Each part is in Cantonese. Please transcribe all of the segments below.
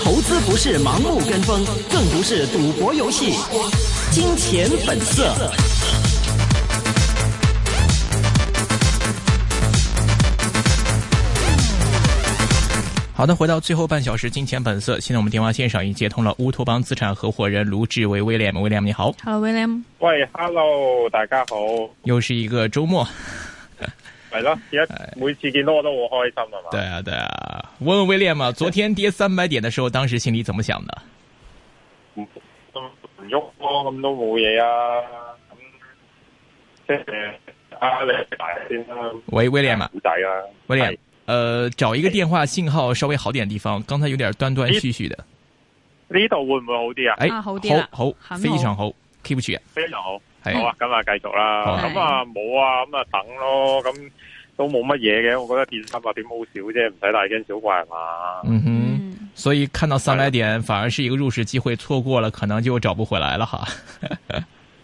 投資不是盲目跟風，更不是賭博遊戲。金錢本色。好的，回到最後半小時，金錢本色。現在我們電話線上已接通了烏托邦資產合夥人盧志威 （William）。William，你好。Hello，William。喂，Hello，大家好 。又是一個周末。係咯，而家每次見到我都好開心啊嘛、哎。對啊，對啊。問問威廉嘛，昨天跌三百點的時候的，當時心裏怎麼想的？咁唔喐咯，咁都冇嘢啊。即、嗯、係啊，你大一先啦、啊。喂，威廉嘛？好仔威廉。啊、William, 呃，找一個電話信號稍微好點嘅地方，剛才有點斷斷續續的。呢度會唔會好啲啊？誒、哎，好啲啦，好非常好，keep 住啊，非常好。非常好。 好啊，咁啊繼續啦。咁啊冇啊，咁啊就等咯。咁都冇乜嘢嘅，我覺得跌三百點好少啫，唔使大驚小怪嘛。嗯哼，所以看到三百點反而是一個入市機會，錯過了可能就找不回來了哈。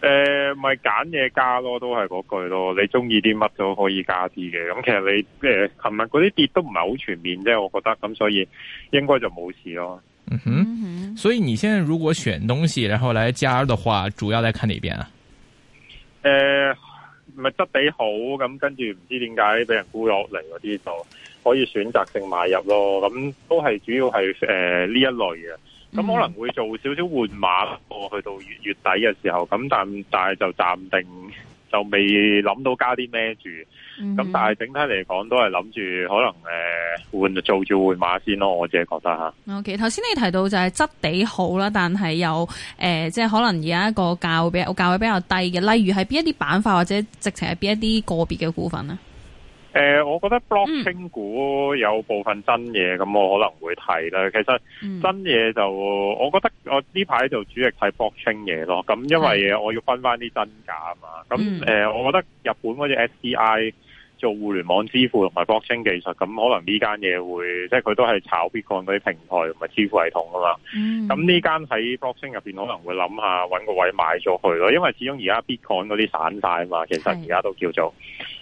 誒，咪揀嘢加咯，都係嗰句咯。你中意啲乜都可以加啲嘅。咁其實你即係，琴日嗰啲跌都唔係好全面啫，我覺得。咁所以應該就冇事咯。嗯哼，所以你現在如果選東西然後來加的話，主要來看哪邊啊？誒、呃，唔係質地好，咁跟住唔知點解俾人沽落嚟嗰啲就可以選擇性買入咯，咁都係主要係誒呢一類嘅，咁可能會做少少換馬咯，去到月月底嘅時候，咁但但係就暫定。就未諗到加啲咩住，咁、嗯、但係整體嚟講都係諗住可能誒、呃、換做住換馬先咯，我只係覺得吓。O K，頭先你提到就係質地好啦，但係又誒，即、呃、係、就是、可能而家個價位比較價位比較低嘅，例如係邊一啲板塊或者直情係邊一啲個別嘅股份啊？誒、呃，我覺得 blockchain 股有部分真嘢，咁、嗯、我可能會睇啦。其實真嘢就，我覺得我呢排就主力睇 blockchain 嘢咯。咁因為我要分翻啲真假啊嘛。咁誒、呃，我覺得日本嗰隻 SBI 做互聯網支付同埋 blockchain 技術，咁可能呢間嘢會，即係佢都係炒 bitcoin 嗰啲平台同埋支付系統噶嘛。咁、嗯、呢間喺 blockchain 入邊可能會諗下，搵個位買咗去咯。因為始終而家 bitcoin 嗰啲散晒啊嘛，其實而家都叫做。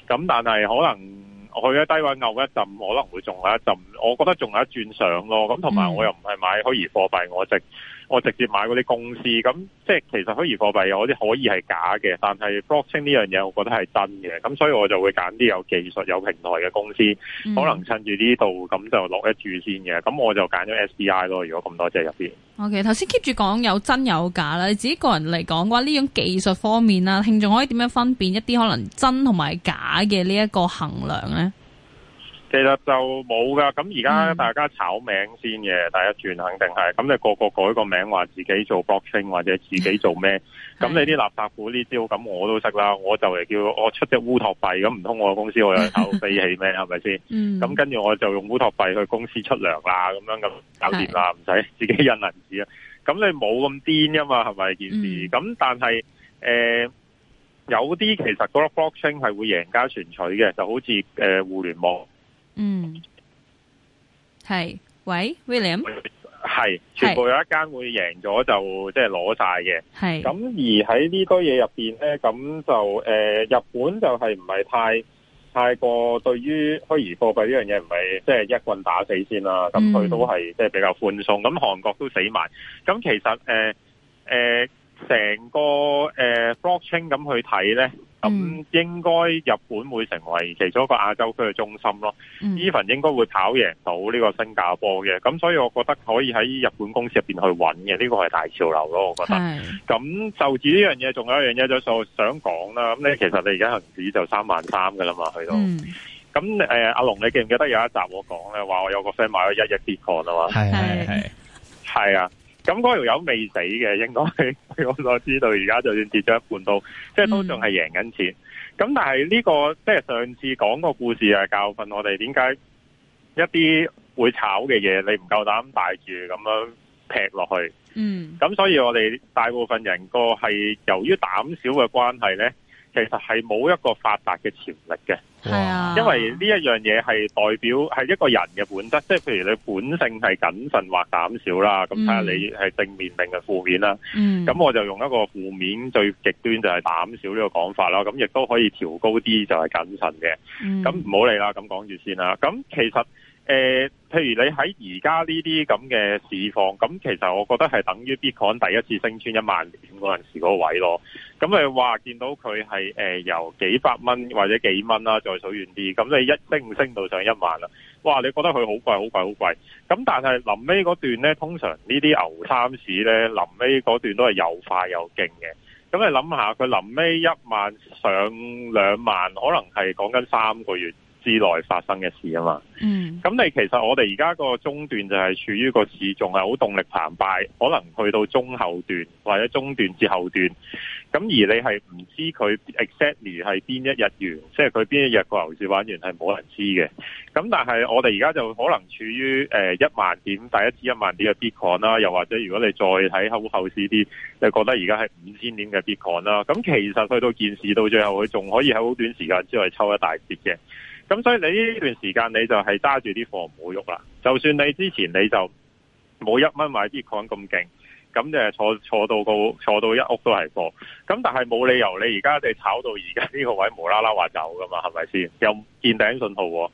咁但係可能。去咗低位牛一陣，可能會仲有一陣。我覺得仲有一轉相咯。咁同埋我又唔係買虛擬貨幣，我直我直接買嗰啲公司。咁即係其實虛擬貨幣有啲可以係假嘅，但係 Blockchain 呢樣嘢我覺得係真嘅。咁所以我就會揀啲有技術、有平台嘅公司，嗯。可能趁住呢度咁就落一注先嘅。咁我就揀咗 SDI 咯。如果咁多隻入邊，OK。頭先 Keep 住講有真有假啦。你自己個人嚟講嘅話，呢種技術方面啊，聽眾可以點樣分辨一啲可能真同埋假嘅呢一個衡量咧？其實就冇噶，咁而家大家炒名先嘅，第一轉肯定係咁。你個個改個名，話自己做 blockchain 或者自己做咩？咁你啲垃圾股呢招，咁我都識啦。我就嚟叫我出隻烏托幣，咁唔通我公司我又炒飛起咩？係咪先？咁跟住我就用烏托幣去公司出糧啦，咁樣咁搞掂啦，唔使自己印銀紙啊。咁你冇咁癲噶嘛？係咪件事？咁但係誒、呃，有啲其實嗰個 blockchain 係會贏家全取嘅，就好似誒互聯網。嗯，係，喂，William，係，全部有一間會贏咗就即係攞晒嘅，係、就是。咁而喺呢堆嘢入邊咧，咁就誒、呃，日本就係唔係太太過對於虛擬貨幣呢樣嘢唔係即係一棍打死先啦，咁、嗯、佢都係即係比較寬鬆。咁韓國都死埋，咁其實誒誒，成、呃呃、個誒、呃、blockchain 咁去睇咧。咁、嗯、應該日本會成為其中一個亞洲區嘅中心咯，Even、嗯、應該會跑贏到呢個新加坡嘅，咁所以我覺得可以喺日本公司入面去揾嘅，呢、呢個係大潮流咯，我覺得。咁、嗯、就住呢樣嘢，仲有一樣嘢就我想講啦。咁你其實你而家恒指就三萬三㗎啦嘛，去、嗯、到。咁、呃、阿龍你記唔記得有一集我講咧，話我有個 friend 買咗一億 Bitcoin 啊嘛。係呀。係係啊！咁嗰條友未死嘅，應該係，我所知，到而家就算跌咗一半都，即係都仲係贏緊錢。咁、嗯、但係呢、這個即係、就是、上次講個故事啊，教訓我哋點解一啲會炒嘅嘢，你唔夠膽帶住咁樣劈落去。嗯。咁所以我哋大部分人個係由於膽小嘅關係咧，其實係冇一個發達嘅潛力嘅。係啊，因為呢一樣嘢係代表係一個人嘅本質，即係譬如你本性係謹慎或膽小啦，咁睇下你係正面定係負面啦。嗯，咁我就用一個負面最極端就係膽小呢個講法啦。咁亦都可以調高啲就係謹慎嘅。咁唔好理啦，咁講住先啦。咁其實。誒、呃，譬如你喺而家呢啲咁嘅市況，咁其實我覺得係等於 Bitcoin 第一次升穿一萬點嗰陣時嗰位咯。咁你話見到佢係、呃、由幾百蚊或者幾蚊啦，再數遠啲，咁你一升升到上一萬啦，哇！你覺得佢好貴、好貴、好貴。咁但係臨尾嗰段呢，通常呢啲牛三市呢，臨尾嗰段都係又快又勁嘅。咁你諗下，佢臨尾一萬上兩萬，可能係講緊三個月，之內發生嘅事啊嘛，嗯，咁你其實我哋而家個中段就係處於個市仲係好動力澎湃，可能去到中後段或者中段至後段，咁而你係唔知佢 exactly 係邊一日完，即係佢邊一日個牛市玩完係冇人知嘅，咁但係我哋而家就可能處於誒一萬點，第一次一萬點嘅 Bitcoin 啦，又或者如果你再睇後後市啲，你覺得而家係五千點嘅 Bitcoin 啦，咁其實去到見市到最後，佢仲可以喺好短時間之內抽一大截嘅。咁所以你呢段時間你就係揸住啲貨唔好喐啦。就算你之前你就冇一蚊買啲股咁勁，咁誒坐坐到個坐到一屋都係貨。咁但係冇理由你而家即係炒到而家呢個位無啦啦話走㗎嘛？係咪先？又見頂信號喎。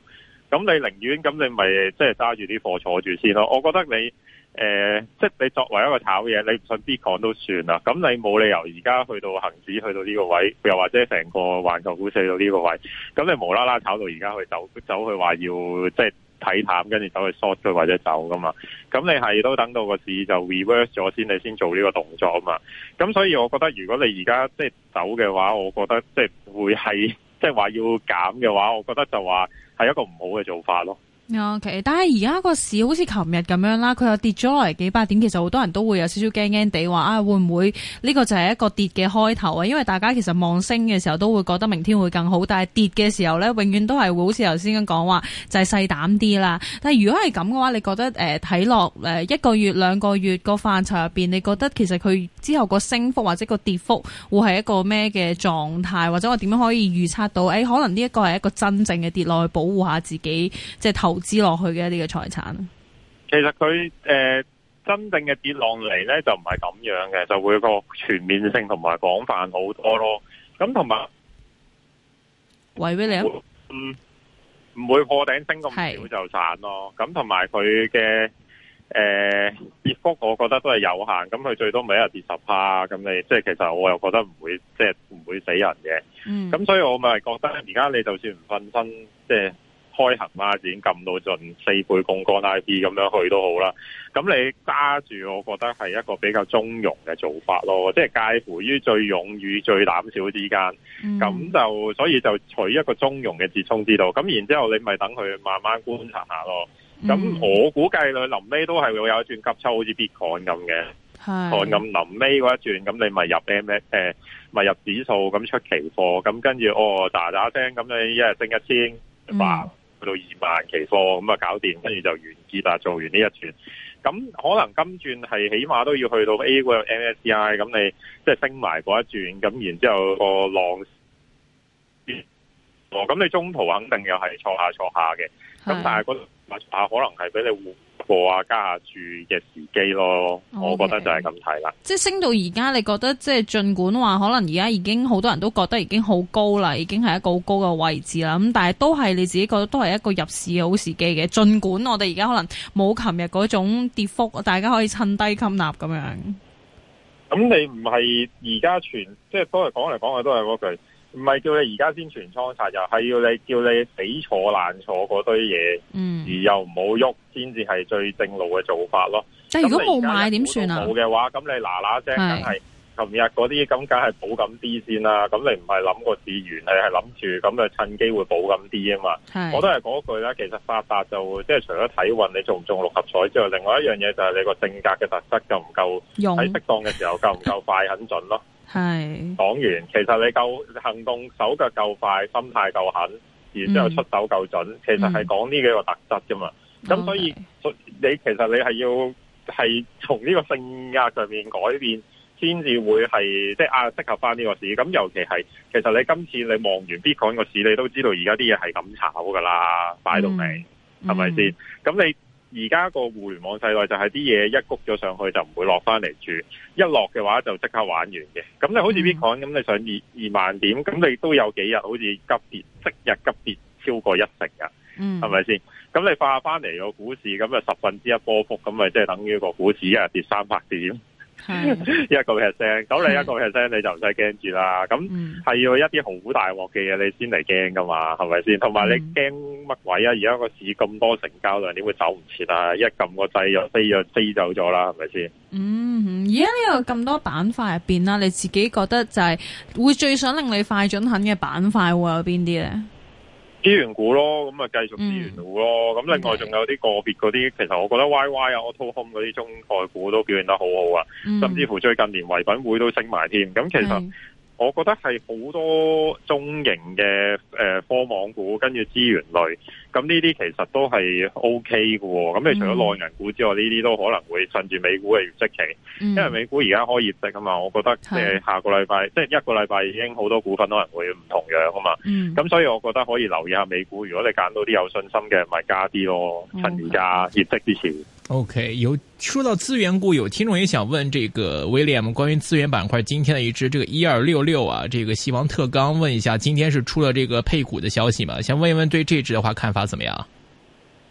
咁你寧願咁你咪即係揸住啲貨坐住先咯。我覺得你。誒、嗯，即係你作為一個炒嘢，你唔信必講都算啦。咁你冇理由而家去到恒指去到呢個位，又或者成個環球股市去到呢個位，咁你無啦啦炒到而家去走，走去話要即係睇淡，跟住走去 short 或者走噶嘛？咁你係都等到個市就 reverse 咗先，你先做呢個動作啊嘛？咁所以我覺得，如果你而家即係走嘅話，我覺得即係會係即係話要減嘅話，我覺得就話係一個唔好嘅做法咯。OK，但係而家個市好似琴日咁樣啦，佢又跌咗落嚟幾百點，其實好多人都會有少少驚驚地話啊，會唔會呢個就係一個跌嘅開頭啊？因為大家其實望升嘅時候都會覺得明天會更好，但係跌嘅時候咧，永遠都係會好似頭先咁講話，就係、是、細膽啲啦。但係如果係咁嘅話，你覺得睇落、呃、一個月兩個月個範疇入面，你覺得其實佢之後個升幅或者個跌幅會係一個咩嘅狀態，或者我點樣可以預測到？誒、哎，可能呢一個係一個真正嘅跌落去保護下自己，即係頭投資落去嘅一啲嘅財產，其實佢誒、呃、真正嘅跌落嚟咧就唔係咁樣嘅，就會個全面性同埋廣泛好多咯。咁同埋，維維你會嗯唔會破頂升咁少就散咯。咁同埋佢嘅誒跌幅，我覺得都係有限。咁佢最多咪一日跌十趴，咁你即係其實我又覺得唔會，即係唔會死人嘅。咁、嗯、所以我咪覺得而家你就算唔瞓身，即係。開行啦，孖展撳到盡四倍槓桿 I P 咁樣去都好啦。咁你揸住，我覺得係一個比較中庸嘅做法咯，即係介乎於最勇與最膽小之間。咁、嗯、就所以就取一個中庸嘅折衷之道。咁然之後你咪等佢慢慢觀察下咯。咁我估計佢臨尾都係會有一轉急抽，好似 Bitcoin 咁嘅。係。咁臨尾嗰一轉，咁你咪入 M s、呃、誒，咪入指數咁出期貨，咁跟住哦，喳喳聲咁你一日升一千、嗯，去到二萬期貨，咁啊搞掂，跟住就完結啦，做完呢一轉，咁可能今轉係起碼都要去到 A 股 MSCI，咁你即係、就是、升埋嗰一轉，咁然之後個浪哦，咁你中途肯定又係錯下錯下嘅，咁但係個錯下可能係俾你換。過啊，加下住嘅時機咯，okay. 我覺得就係咁睇啦。即係升到而家，你覺得即係，儘管話可能而家已經好多人都覺得已經好高啦，已經係一個好高嘅位置啦。咁但係都係你自己覺得都係一個入市嘅好時機嘅。儘管我哋而家可能冇琴日嗰種跌幅，大家可以趁低吸納咁樣。咁你唔係而家全，即係都係講嚟講去都係嗰句。唔係叫你而家先存倉晒，又係要你叫你死坐爛坐嗰堆嘢，嗯，而又唔好喐，先至係最正路嘅做法咯。但係如果冇買點算啊？冇嘅話，咁你嗱嗱聲，梗係琴日嗰啲，咁梗係補咁啲先啦。咁你唔係諗個資源，你係諗住咁啊，趁機會補咁啲啊嘛。我都係嗰句啦，其實發達就會即係除咗睇運，你中唔中六合彩之外，另外一樣嘢就係你個性格嘅特質夠唔夠？喺適當嘅時候，夠唔夠快狠 準咯？係講完，其實你夠行動、手腳夠快、心態夠狠，然之後出手夠準、嗯，其實係講呢幾個特質噶嘛。咁、嗯、所以、okay. 你其實你係要係從呢個性格上面改變，先至會係即係啊適合翻呢個市。咁尤其係，其實你今次你望完 Bitcoin 個市，你都知道而家啲嘢係咁炒噶啦，擺到明，係咪先？咁、嗯、你。而家個互聯網世代就係啲嘢一谷咗上去就唔會落翻嚟住，一落嘅話就即刻玩完嘅。咁你好似 Bitcoin 咁，你上二二萬點，咁你都有幾日好似急跌，即日急跌超過一成啊，係咪先？咁你化翻嚟個股市，咁啊十分之一波幅，咁咪即係等於個股市一日跌三百點。一個 percent，走你一個 percent 你就唔使驚住啦。咁係要一啲好股大鑊嘅嘢，你先嚟驚噶嘛，係咪先？同埋你驚乜鬼啊？而家個市咁多成交量，點會走唔切啊？一撳個掣，又飛又飛走咗啦，係咪先？嗯，而家呢個咁多板塊入邊啦，你自己覺得就係會最想令你快準狠嘅板塊會有邊啲咧？資源股咯，咁啊繼續資源股咯，咁、嗯、另外仲有啲個別嗰啲，其實我覺得 Y Y 啊、Auto Home 嗰啲中概股都表現得好好啊、嗯，甚至乎最近連唯品會都升埋添，咁其實我覺得係好多中型嘅誒科網股跟住資源類。咁呢啲其實都係 O K 嘅，咁你除咗內銀股之外，呢、嗯、啲都可能會趁住美股嘅業績期、嗯，因為美股而家開業績啊嘛，我覺得即係下個禮拜，是即係一個禮拜已經好多股份可能會唔同樣啊嘛，咁、嗯、所以我覺得可以留意一下美股，如果你揀到啲有信心嘅，咪加啲咯，趁而家業績之前。O、okay, K，有說到資源股，有聽眾也想問這個 William 關於資源板塊今天的一支，這個一二六六啊，這個西王特鋼問一下，今天是出了這個配股的消息嘛？想問一問對這支嘅話看法。啊，怎麼樣？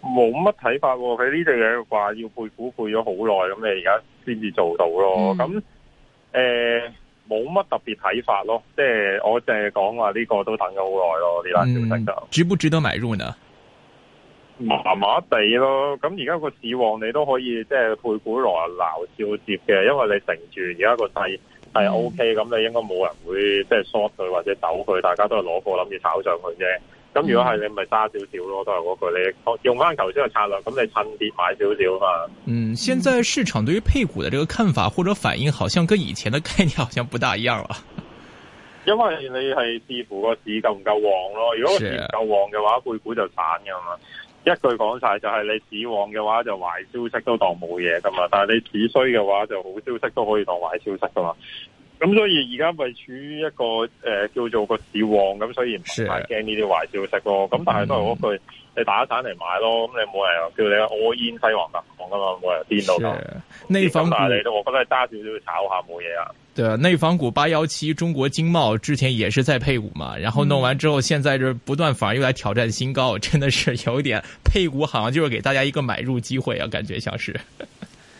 冇乜睇法喎、哦，佢呢隻嘢話要配股配咗好耐，咁你而家先至做到咯。咁、嗯、誒，冇乜、呃、特別睇法咯，即係我淨係講話呢個都等咗好耐咯。呢單消息就值不值得買入呢？麻麻地咯，咁而家個市旺，你都可以即係配股來鬧笑接嘅，因為你承住而家個勢係 O K，咁你應該冇人會即係 short 佢或者走佢，大家都係攞貨諗住炒上去啫。咁如果係你咪揸少少咯，都係嗰句，你用翻頭先嘅策略，咁你趁跌買少少啊嘛。嗯，現在市場對於配股嘅這個看法或者反應，好像跟以前的概念好像不大一樣啦，嗯。的的樣，因為你係視乎個市夠唔夠旺咯，如果市唔夠旺嘅話，配股就慘噶嘛。一句講晒就係你市旺嘅話，就壞消息都當冇嘢噶嘛。但係你市衰嘅話，就好消息都可以當壞消息噶嘛。咁、嗯嗯嗯、所以而家咪處於一個誒、呃、叫做個市旺咁，所以唔係太驚呢啲壞消息咯。咁、嗯、但係都係嗰句，你打一散嚟買咯。咁你冇人叫你卧煙西王南礦噶嘛，冇人見到噶。內房股嚟到，我覺得揸少少炒下冇嘢啊。對啊，內房股八幺七中國經貿之前也是在配股嘛，然後弄完之後，現在就不斷反而又來挑戰新高，真的是有點配股，好像就是給大家一個買入機會啊，感覺像是。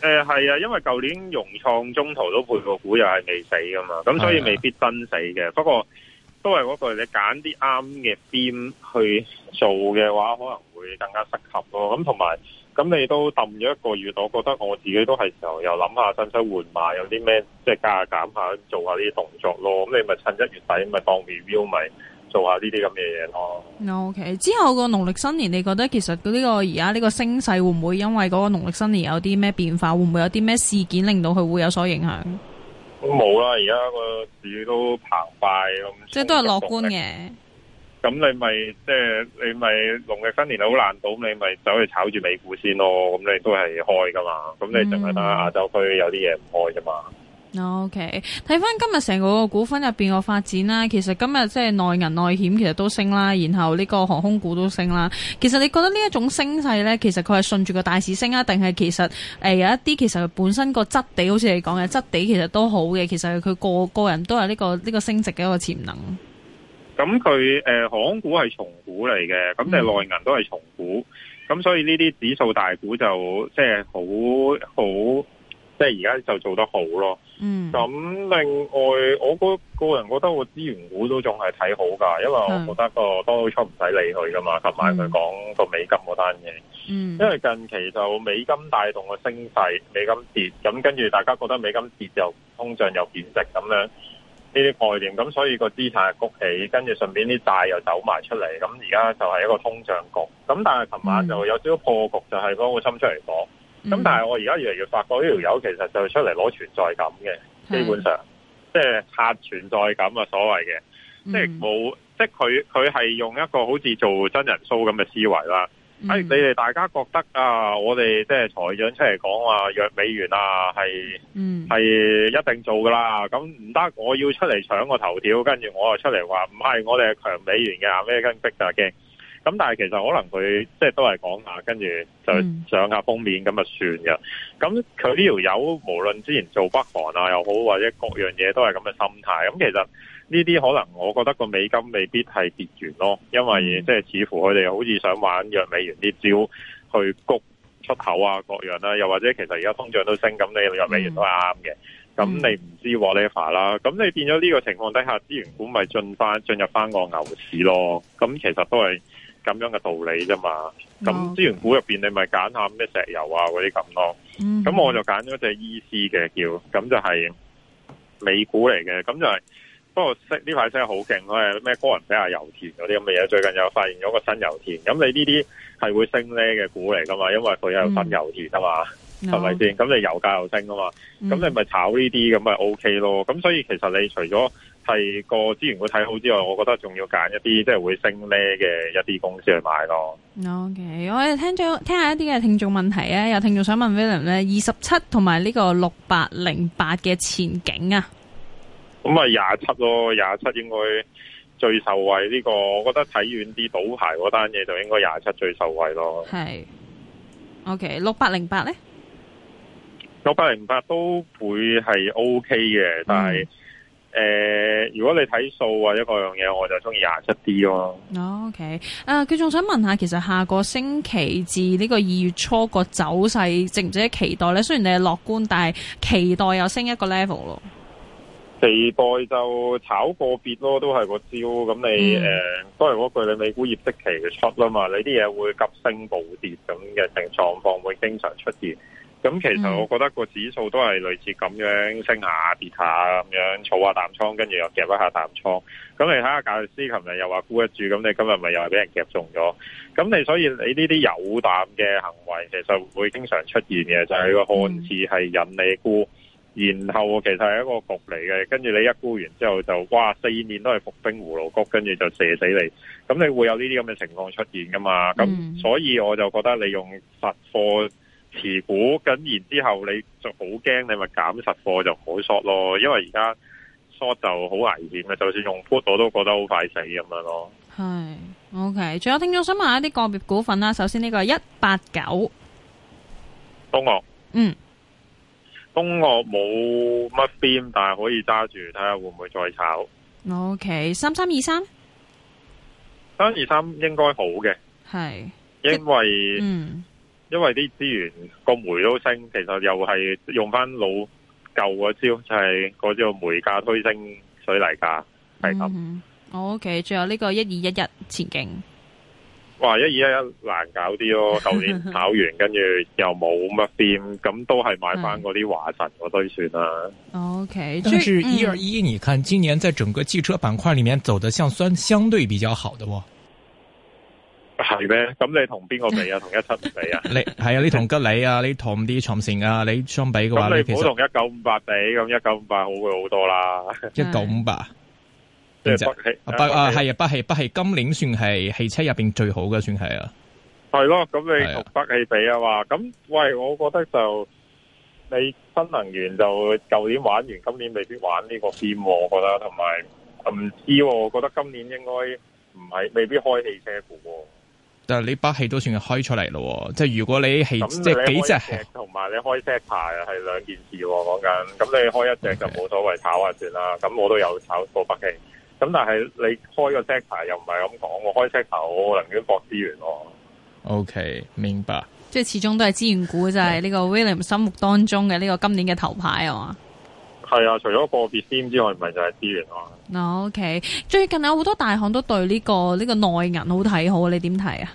誒、呃，係啊，因為舊年融創中途都配過股又係未死噶嘛，咁所以未必真死嘅、啊。不過都係嗰句，你揀啲啱嘅邊去做嘅話，可能會更加適合咯。咁同埋，咁、嗯、你都抌咗一個月，我覺得我自己都係時候又諗下，真使換埋，有啲咩即係加下減下，做下啲動作咯。咁、嗯、你咪趁一月底咪當 review 咪。做下呢啲咁嘅嘢咯。OK，之後個農曆新年，你覺得其實呢個而家呢個升勢會唔會因為嗰個農曆新年有啲咩變化，會唔會有啲咩事件令到佢會有所影響？冇啦，而家個市都澎湃咁。即係都係樂觀嘅。咁你咪即係你咪農曆新年好難倒，你咪走去炒住美股先咯。咁你都係開噶嘛？咁你淨係得亞洲區有啲嘢唔開啫嘛。OK，睇翻今日成個股份入邊個發展啦，其實今日即係內銀內險其實都升啦，然後呢個航空股都升啦。其實你覺得呢一種升勢呢？其實佢係順住個大市升啊，定係其實誒、呃、有一啲其實本身個質地，好似你講嘅質地，其實都好嘅。其實佢個個人都有呢、呢個呢、呢個升值嘅一個潛能。咁佢誒航空股係重股嚟嘅，咁就係內銀都係重股，咁、嗯、所以呢啲指數大股就即係好好。就是很很即係而家就做得好咯。咁、嗯、另外，我個個人覺得個資源股都仲係睇好㗎，因為我覺得個 Donald Trump 唔使理佢㗎嘛。琴、嗯、晚佢講個美金嗰單嘢，因為近期就美金帶動個升勢，美金跌，咁跟住大家覺得美金跌就通脹又貶值咁樣呢啲概念，咁所以個資產係谷起，跟住順便啲債又走埋出嚟，咁而家就係一個通脹局。咁但係琴晚就有少少破局就個，就係嗰個川普出嚟講。咁、嗯、但係我而家越嚟越發覺呢條友其實就出嚟攞存在感嘅，基本上即係刷存在感啊所謂嘅，即係冇，即係佢佢係用一個好似做真人 show 咁嘅思維啦。喺、嗯、你哋大家覺得啊，我哋即係財長出嚟講話弱美元啊，係、係、嗯、一定做噶啦。咁唔得，我要出嚟搶個頭條，跟住我又出嚟話唔係，我哋係強美元嘅，咩跟逼就驚。咁但係其實可能佢即係都係講下，跟住就上下封面咁就算嘅。咁佢呢條友無論之前做北韓啊又好，或者各樣嘢都係咁嘅心態。咁其實呢啲可能我覺得個美金未必係跌完咯，因為即係似乎佢哋好似想玩弱美元啲招去谷出口啊各樣啦。又或者其實而家通脹都升，咁你弱美元都啱嘅。咁、嗯、你唔知 what if 啦。咁你變咗呢個情況底下，資源股咪進翻進入翻個牛市咯。咁其實都係。咁樣嘅道理啫嘛，咁資源股入邊你咪揀下咩石油啊嗰啲咁咯，咁、mm -hmm。我就揀咗隻 EC 嘅叫，咁就係美股嚟嘅，咁就係、是、不過升呢排真係好勁，咩哥倫比亞油田嗰啲咁嘅嘢，最近又發現咗個新油田，咁你呢啲係會升咧嘅股嚟噶嘛，因為佢有新油田啊嘛，係咪先？咁你油價又升啊嘛，咁你咪炒呢啲咁咪 O K 咯，咁所以其實你除咗係個資源股睇好之外，我覺得仲要揀一啲即係會升咧嘅一啲公司去買咯。OK，我哋聽咗聽下一啲嘅聽眾問題啊，有聽眾想問 William 咧，二十七同埋呢個六百零八嘅前景啊？咁啊廿七咯，廿七應該最受惠呢、呢個。我覺得睇遠啲賭牌嗰單嘢，就應該廿七最受惠咯。係。OK，六百零八咧？六百零八都會係 OK 嘅，但係、嗯。誒、呃，如果你睇數或者各樣嘢，我就中意廿七 D 咯。OK，啊，佢仲想問下，其實下個星期至呢個二月初個走勢，值唔值得期待咧？雖然你係樂觀，但係期待又升一個 level 咯。期待就炒個別咯，都係個招。咁你誒、嗯呃，都係嗰句，你美股業績期嘅出啦嘛，你啲嘢會急升暴跌咁嘅情況會經常出現。咁、嗯、其實我覺得個指數都係類似咁樣升下跌下咁樣，儲下淡倉，跟住又夾一下淡倉。咁你睇下賈律師琴日又話沽一注，咁你今日咪又係俾人夾中咗。咁你所以你呢啲有膽嘅行為，其實會經常出現嘅，就係、是、個漢字係引你沽，嗯。然後其實係一個局嚟嘅。跟住你一沽完之後就，就哇四面都係伏兵葫蘆谷，跟住就射死你。咁你會有呢啲咁嘅情況出現噶嘛？咁所以我就覺得你用實貨持股，咁然之後你就好驚，你咪減實貨就好 short 咯，因為而家 short 就好危險嘅，就算用 put 我都覺得好快死咁樣咯。係，OK，仲有聽眾想問一下啲個別股份啦。首先呢個係一八九，東嶽，嗯，東嶽冇乜邊，但係可以揸住，睇下會唔會再炒。OK，三三二三，三二三應該好嘅，係，因為，嗯。因為啲資源個煤都升，其實又係用翻老舊個招，就係個招煤價推升水泥價，係咁。嗯、o、okay, K，最後呢個一二一一前景，哇，一二一一難搞啲咯，舊年炒完跟住 又冇乜變，咁都係買翻嗰啲華晨嗰堆算啦。O、okay, K，但是一二一，你看、嗯、今年在整個汽車板塊裏面走得像酸相對比較好的喎、哦。係咩？咁你同邊個比啊？ 同一七唔比啊？你係啊？你同吉利啊？你同啲長城啊？你，啊你相比嘅話，你好同一九五八比，咁一九五八好過好多啦。一九五八，即係北啊係啊北汽北汽，啊、北汽、北汽，今年算係汽車入邊最好嘅算係啊。係咯，咁你同北汽比啊嘛？咁喂，我覺得就你新能源就舊年玩完，今年未必玩呢個邊，我覺得同埋唔知，我覺得今年應該唔係未必開汽車喎。但係你把戲都算係開出嚟咯，即係如果你係即係幾隻，同埋你開 set 牌係兩件事，講緊咁你開一隻、啊、就冇所謂、okay. 炒下算啦。咁我都有炒過把戲，咁但係你開個 set 牌又唔係咁講，開我開 set 牌寧願搏資源咯、啊。OK，明白。即係始終都係資源股就係呢個 William 心目當中嘅呢個今年嘅頭牌啊嘛。係啊，除咗貨幣添之外，唔係就係、是、資源啊。o、okay. k 最近有好多大行都對呢、這個呢、這個內銀好睇好，你點睇啊？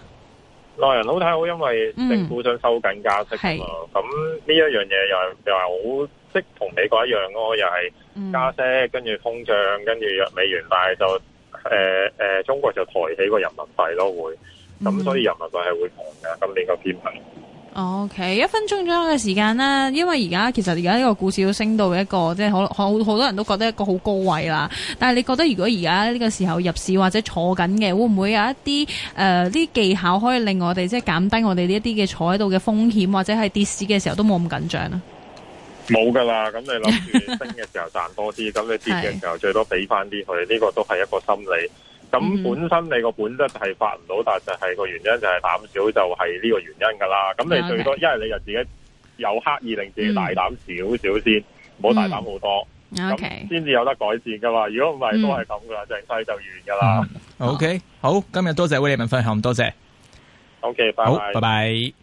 內銀好睇好，因為政府想收緊加息，咁呢一樣嘢又係又係好即同美國一樣咯，又係加息，跟住通脹，跟住美元，但係就誒誒、呃呃，中國就抬起個人民幣咯，會、嗯、咁所以人民幣係會紅嘅。咁呢個偏睇。OK，一分鐘左右嘅時間啦，因為而家其實而家呢個股市都升到一個即係好好，好多人都覺得一個好高位啦。但係你覺得如果而家呢個時候入市或者坐緊嘅，會唔會有一啲誒啲技巧可以令我哋即係減低我哋呢一啲嘅坐喺度嘅風險，或者係跌市嘅時候都冇咁緊張啊？冇噶啦，咁你諗住升嘅時候賺多啲，咁 你跌嘅時候最多俾翻啲佢，呢個都係一個心理。咁、嗯、本身你個本質係發唔到，但就係個原因就係膽小，就係呢個原因噶啦。咁你最多一係、okay. 你就自己有刻意令自己大膽少少先，唔、嗯、好大膽好多。咁先至有得改善噶嘛。如果唔係都係咁噶啦，淨、嗯、西就完噶啦、嗯。OK，好，今日多謝 William 分享，多謝。OK，拜拜拜。